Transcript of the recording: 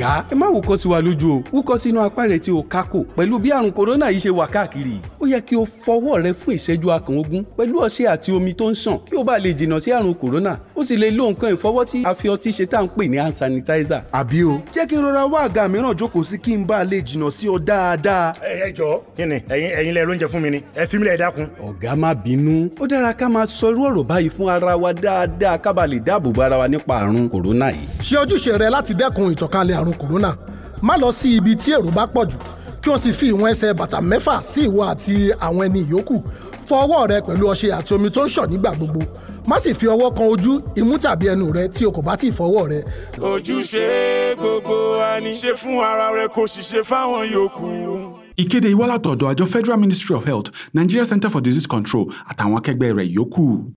ọ̀gá ẹ má wúkọ́ sí wa lójú o wúkọ́ sínú apá rẹ tí o kákò pẹ̀lú bí àrùn kòrónà yìí ṣe wà káàkiri ó yẹ kí o fọwọ́ rẹ fún ìṣẹ́jú akàn ogún pẹ̀lú ọṣẹ àti omi tó ń ṣàn kí o bá lè jìnnà sí àrùn kòrónà ó sì lè lo nǹkan ìfọwọ́ tí a fi ọtí ṣe tá à ń pè ní hand sanitizer. àbí o jẹ́ kí n rọra wá àga mìíràn jókòó sí kí n bá a lè jìnnà sí ọ dáadáa. ẹ ẹ jọ kí ni ẹ̀yin ẹ̀yin lẹ lóúnjẹ fún mi ni ẹ fi mi lẹ dákun. ọ̀gá má bínú ó dára ká máa sọ irú ọ̀rọ̀ báyìí fún ara wa dáadáa ká bàa lè dáàbò bo ara wa nípa àrùn kòrónà yìí. ṣe ojúṣe rẹ láti dẹ́kun ìtànkalẹ̀ àrùn kòrónà má lọ sí ibi tí èrò bá pọ̀ jù kí o sì fi ìwọ̀n ẹsẹ̀ bàtà mẹ́fà sí ìwọ àti àwọn ẹni ìyókù fọ ọwọ́ rẹ pẹ̀lú ọṣẹ àti omi tó ń ṣàn nígbà gbogbo má sì fi ọwọ́ kan ojú imú tàbí ẹnu rẹ tí o kò bá tí fọwọ́ rẹ. ojúṣe gbogbo wa ṣe fún ara rẹ kò sì ṣe fáwọn yòókù. ìkéde ìwọ́látọ̀dọ̀ àjọ Federal Ministry of Health Nigeria Center for Disease Control àtàwọn akẹgbẹ́ rẹ̀ yòókù.